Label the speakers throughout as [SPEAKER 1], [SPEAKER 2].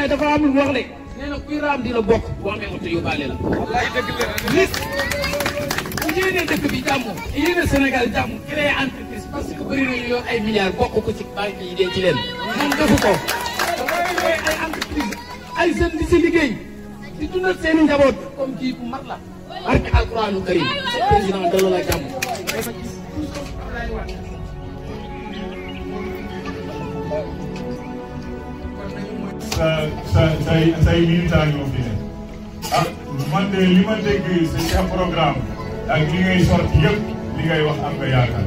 [SPEAKER 1] tay dafa am lu wax de nee na kuy raam di la bokk boo amee oto yóbbaale la. wallaahi dëgg la nit bu yéenee dëkk bi jàmm yéene Sénégal jàmm créé entreprise parce que bëri na ñu yor ay milliards bokk ko ci banque yi dee ci leen. moom defu ko seeni njaboot comme kii bu mat la barke alquranu karim président dalal la jàmm. sa sa say say militants ñoo fi ne ah, li ma dégg si sa programme ak li ngay sorti yëpp li ngay wax am nga yaakaar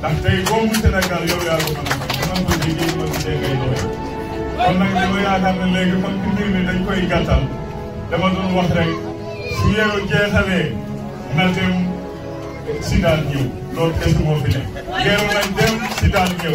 [SPEAKER 1] ndax tey boobu Sénégal yow yaa ko mën a xam man ko déggee man dee ngay doy kon nag dama yaakaar ne léegi man ci mbir mi dañ koy gàttal dama doon wax rek su yow jeexalee na dem si daan ñëw loolu kese moo fi ne geeru dem si daan ñëw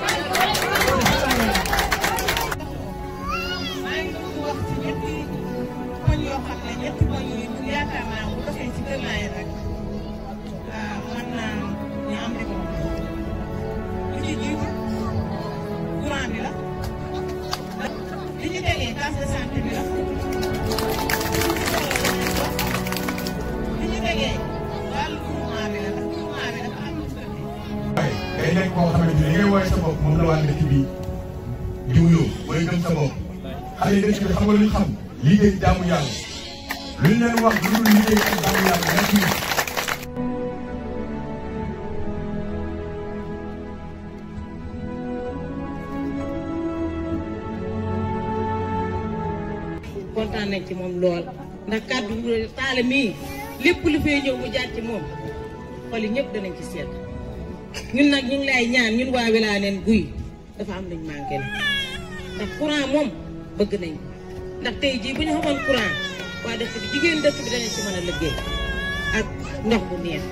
[SPEAKER 1] waaye yéen a ngi xam liggéey jaamu yàlla li ngeen wax lu dul liggéey ak jaamu yàlla rek ñu kontaan nañ ci moom lool ndax kàddu taale mii lépp lu fee ñëw mu jaar ci moom xol yi ñëpp danañ ci seet ñun nag ñu ngi lay ñaan ñun waa Wilane Guy dafa am luñ manqué la ndax courant moom bëgg nañ ndax tey jii bu dëkk bi jigéen dëkk bi dañu ci mën a liggéey ak ndox bu neex